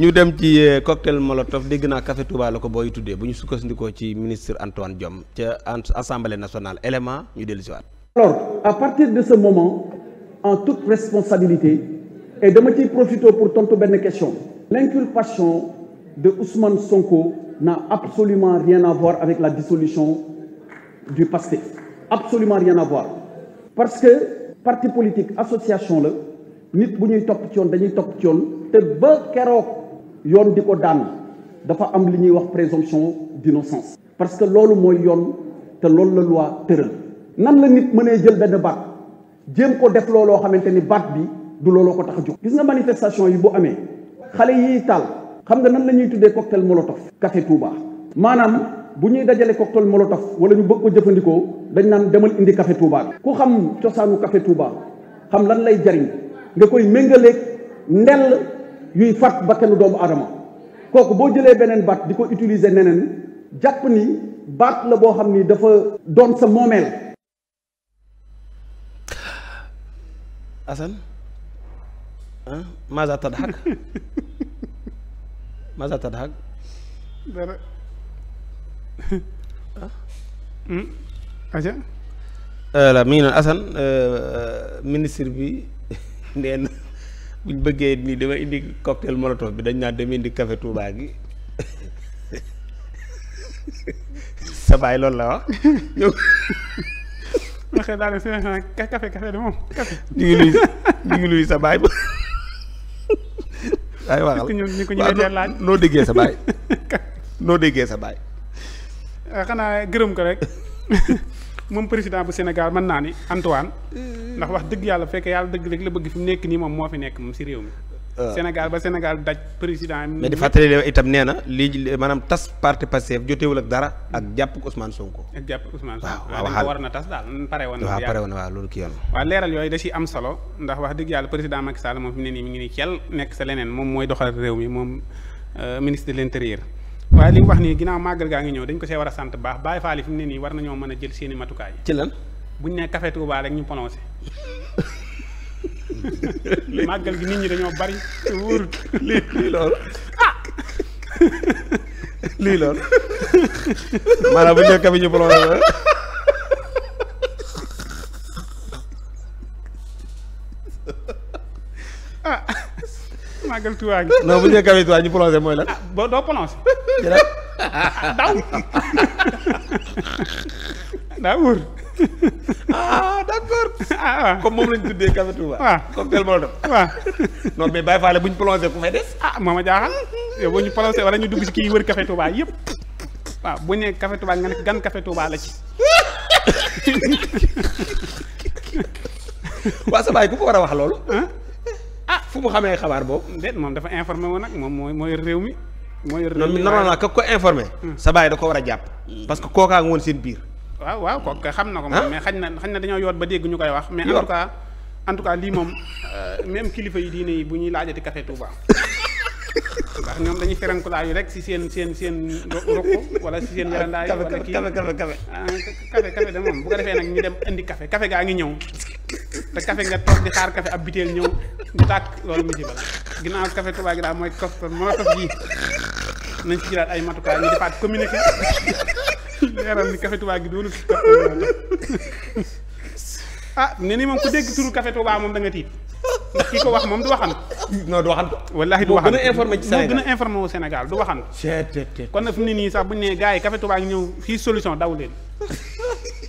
ñu dem ci euh, cocktail molotov dégg naa café Touba ko booy tuddee bu ñu sukkandikoo ci ministre Antoine Diome ca assemblée nationale élément ñu dellu si waat alors à partir de ce moment en toute responsabilité et dama ciy profité pour tontu benn question l'inculpation de Ousmane Sonko n'a absolument rien à voir avec la dissolution du PASTEF absolument rien à voir parce que parti politique association la nit bu ñuy topp ci yoon dañuy topp ci yoon te ba keroog yoon di ko daan dafa am li ñuy wax présomption d'innocence parce que loolu mooy yoon te loolu la loi tëral nan la nit mënee jël benn baat jéem ko def looloo xamante ni baat bi du looloo ko tax a jóg gis nga manifestation yi bu amee xale yiy taal xam nga nan la ñuy tuddee cocktail molotov café Touba maanaam bu ñuy dajale cocktail molotov wala ñu bëgg ko jëfandikoo dañ naan demal indi café Touba bi ku xam cosaanu café Touba xam lan lay jariñ nga koy méngaleeg yuy fat bakkanu doomu adama kooku boo jëlee beneen baat di ko utiliser neneen jàpp ni baat la boo xam ni dafa doon sa moomeel. Assane hmm? euh, mi ngi noonu Assane euh, euh, ministre bi nee buñ bëggee nii dama indi cocktail molotov bi dañ naan dem indi café Touba gi sa baay loolu la wax waxee daal de café café de moom café ñu ngi luy ñu ngi sa baay ba waaye waxal ñu ko ñu laaj noo déggee sa baay noo déggee sa baay xanaa gërëm ko rek moom président bu Sénégal mën naa ni Antoine mm. ndax wax dëgg yàlla fekkee yàlla dëgg rek la bëgg fi mu nekk nii moom moo fi nekk moom si réew mi. Ah. Sénégal ba Sénégal président. mais di fàttali itam nee na lii maanaam tas parti Pastef jotewul ak dara ak jàpp Ousmane Sonko. ak jàpp Ousmane Sonko waaw waaw na tas daal pare woon na. waaw pare woon na waaw loolu ki yoon. waaw yooyu da am solo ndax wax dëgg yàlla président Macky Sall fi mu ne nii mi ngi nii kel nekk sa leneen moom mooy doxal réew mi moom euh, ministre de l'intérieur waaye li wax nii ginnaaw màggal gaa ngi ñëw dañ ko see war a sant baax Baye Fall yi fi mu ne nii war nañoo mën a jël seeni matukaay. ci lan buñ ne café Touba ñu prononcé. màggal nit ñi dañoo bari te wóorut lii lii ah! bu ñu café ñu prononcé ah! màggal Touba gi bu ñu café Touba ñu prononcé mooy lan ah, boo doo prononcé daw daa wóor ah d' accord. Ah, ah. comme moom lañ tuddee Café Touba. waaw ah. comme tel moo la def. waaw non bu ñu plongé ku may des. ah maa ma jaaxal yow bu ñu plongé wala ñu dugg ci kii wër Café Touba yëpp waaw bu ñu Café Touba nga ne gan Café Touba la ci. waa sa baay ku ko war a wax loolu. ah fu mu xamee xabaar boobu. déet moom dafa informé woon nag moom mooy réew mi. noonu normalement ka ko informé hmm. sa baay da ko war a jàpp parce que kookaa nga woon seen biir waaw waaw kooku xam na ko moom ah? mais xañ na xañ na dañoo yoot ba dégg ñu koy wax mais en tout cas en lii moom euh, même kilifa yi diine yi bu ñuy laajati café Touba ndax ñoom dañuy ferankulaayu rek si seen seen seen rukk wala si seen yarandaay wala kii café café ah, café café de moom bu ko defee nag ñu dem indi kafe kafe gaa ngi ñëw te café nga toog di xaar café ab biteel ñëw bu tàkk loolu mu jibal ginnaaw café Touba gi daal mooy kof mooy kof yii nañ ci jëlaat ay matukaay ñu defaat communiqué leeral ni café Touba gi doonu ah ne ni moom ku dégg turu café Touba moom da nga tiit ndax ki ko wax moom du waxan non du waxan moo gën a informé ci Sénégal moo gën a informé wu Sénégal du waxan kon na fi mu nii sax bu ñu nee gars yi café Touba ngi ñëw fii solution daw leen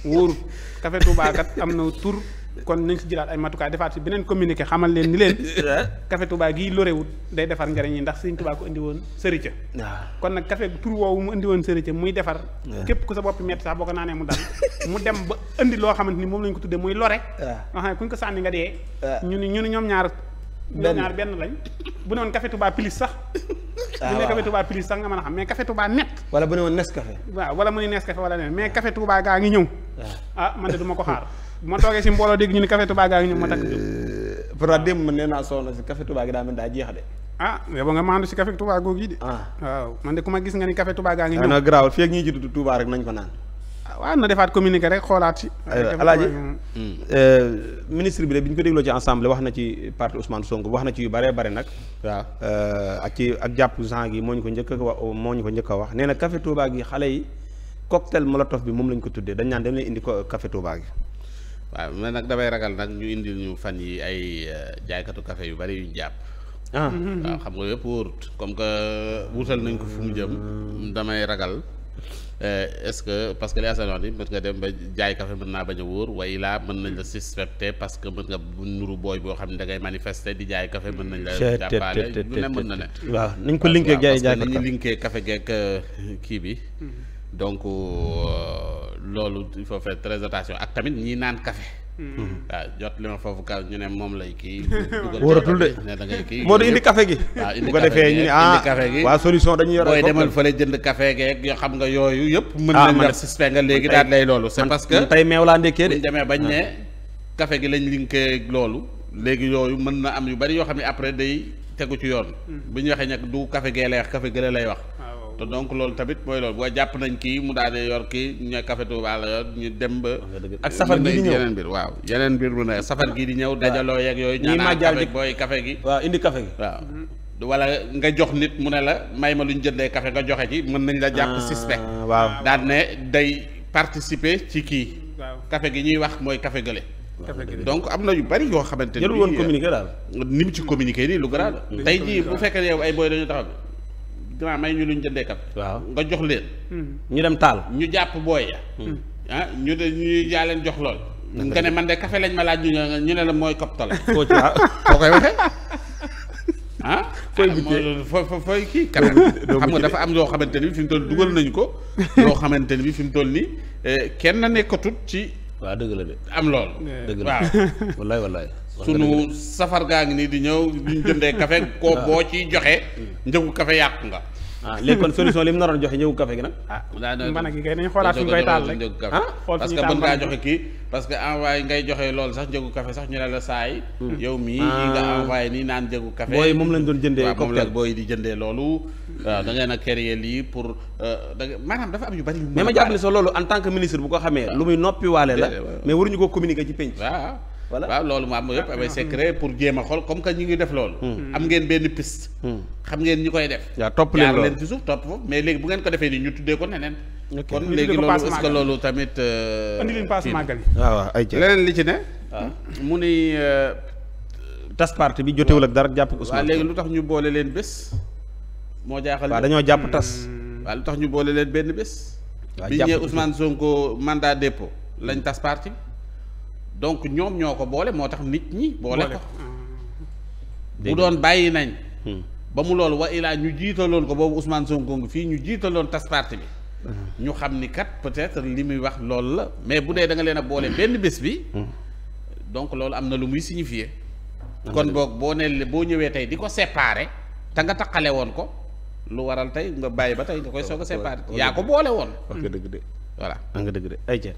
wóoru café Touba kat am na tur kon nañ si jëlaat ay matukaay defaat si beneen communiqué xamal leen ni leen café Touba gii lorewut day defar njariñ yi ndax si sëñ Touba ko indi woon sërica ah. kon nag café tur woowu mu indi woon sërica muy defar képp ku sa bopp metti sax boo ko naanee mu dal mu dem ba indi loo xamante ni moom lañ ko tuddee muy lore nga xam ko sànni nga dee ñu ni ñu ñoom ñaar ñoom ñaar benn lañ bu ne woon café Touba sax ah, bu ne café Touba plus sax nga mën a mais café Touba net wala bu ne woon Nescafé wala mu ne Nescafé wala nen mais café Touba gaa ngi ñëw ah man de du ma ko xaar bu ma toogee si mbooloo dégg ñu ni café Touba gaa ngi ñëw ma takk jóg. pourtant démb man nee naa soxna si café Touba gi daa mel daa jeex de. ah yow nga maandu si café Touba googu yi de. Ah. waaw man de ku ma gis nga ni café Touba gaa ngi ñëw. non garaawul fii ak ñiy jiitu Touba ko naan. Ah, waaw na defaat communiqué rek xoolaat si. alaaji hmm. eh, ministre bi de bi ñu ko dégloo ci ensemble wax na ci parti Ousmane Sonko wax na ci yu bare nag. waaw eh, ak ci ak jàpp genre gi ko njëkk a moo ñu ko njëkk wax nee na café gi xale yi cocktail molotov bi moom lañ ko tuddee dañ naan dem lay indi ko café gi. waaw man nag damay ragal nag ñu indi ñu fan yi ay euh, jaaykatu kafe yu bari yu ñu jàpp. ah waaw xam nga yëpp wóorut comme que wutal nañ ko fu mu jëm damay ragal. Euh, est-ce que parce que li Assane wax mën nga dem ba jaay café mën naa bañ wóor waaye laa mën nañ la suspecté parce que mën nga nuru booy boo xam ne dangay ngay di jaay kafe mën nañ la jàppaale lu ne mën na ne waaw nañ ko linkee jaay jaay café nañu linkee café euh, kii bi mm-hmm. donc loolu il faut faire très attention ak tamit ñi naan kafe hmm. waaw jot li ma foofu ka ñu ne moom lay kii. wóoratul de ne kii moo di indi café gi. waaw indi café gi ah, indi café gi waa solution dañuy yor booy demal fële jënd café geeg yoo xam nga yooyu yëpp. mën ah, nañ la suspect nga léegi daal lay loolu. c'est parce que tey meew laa ndekkee de. demee bañ ne ah. café gi lañ linkee loolu. léegi yooyu mën na am yu bari yoo xam ne après day tegu ci yoon. Hmm. bu ñu waxee nag du kafe gee lay wax café gële lay wax. te donc loolu tamit mooy loolu boo jàpp nañ kii mu daal di yor kii ñu ne Café Touba la yor ñu dem ba. ak safar gi di ñëw mbir waaw yeneen mbir mu ne safar gi di ñëw dajaloo yeeg yooyu. ñaanal café booy café gi waaw indi café gi wala nga jox nit mu ne la may ma lu ñu jëndee kafe nga joxe ci mën nañ la jàpp ah, suspect waaw daan ne day participer ci kii café gi ñuy wax mooy café gële donc am na yu bari yoo xamante ni jarul woon communiqué daal ni ci communiqué nii lu garaal tey jii bu fekkee yow ay booy dañu taxaw waa may ñu luñ jëndee kat. waaw nga jox leen. Hmm. ñu dem taal. ñu jàpp booy ya. Hmm. Hmm. Ah ñu de ñu yaa leen jox lool. nga ne man de kafe lañ ma laaj ñu ne la mooy koptal. koo ci waaw koo koy waxee. ah, ah fooy kanam xam nga dafa am yoo xamante ni bi fi mu dugal nañu ko loo xamante ni bi fi mu toll nii eh, kenn nekkatut ci waaw dëgg la de am lool dëgg la waaw wallaay wallaay sunu safar gaa ngi nii di ñëw duñ jëndee café koo ah. boo ciy joxe njëgu café yàqu nga ah léegi kon solution li mu naroon joxe njëgu kafe gi nag. ah mën a gi kay nañu xoolaat suñu koy taal rek ah? xool parce que mën ngaa joxe kii parce que ngay joxe loolu sax njëgu café sax ñu ne la saay hmm. yow mii yi ah. nga envoyé nii naan njëgu café booy moom lañ doon jëndee waaw moom la booy di jëndee loolu waaw da ngeen a créer pour euh, da maanaam dafa am yu bari yu mais ma jàpp ne sax loolu en tant que ministre bu ko xamee lu muy noppi waale la mais waruñu ko communiquer ci pénc voilà waaw loolu ma am yëpp ah, amay ah, secret ah. pour jéem a xool comme que ñu ngi def loolu. Hmm. am ngeen benn piste. Hmm. xam ngeen ñi koy def. yaa topp leen leen ci suuf topp foofu mais léegi bu ngeen ko defee nii ñu tuddee ko neneen. kon léegi loolu est-ce loolu tamit. Euh, andi leen paas màggal yi leneen li ci ne. mu ni euh, tas parti bi jotewul ak dara jàpp Ousmane. waaw léegi lu tax ñu boole leen bés. moo jaaxal waaw dañoo jàpp tas. Hmm. waaw lu tax ñu boole leen benn bés. waaw jàpp bi ñëwee Ousmane Sonko mandat dépôt lañ tas parti donc ñoom ñoo ko boole moo tax nit ñi. boole ko bu doon bàyyi nañ. Hmm. ba mu loolu wa ilaa ñu jiitaloon ko boobu Ousmane Sonko ngi fii ñu jiitaloon tas parti bi. Hmm. ñu xam ni kat peut-être li muy wax lool la mais bu dee danga leen a boole benn bés bi. Hmm. donc loolu am na lu muy signifier. kon boog boo ne boo ñëwee tey di ko séparer te nga taqale woon ko lu waral tey nga bàyyi ba tey nga koy soo a séparer yaa ko boole woon. wax nga dëgg de voilà wax nga dëgg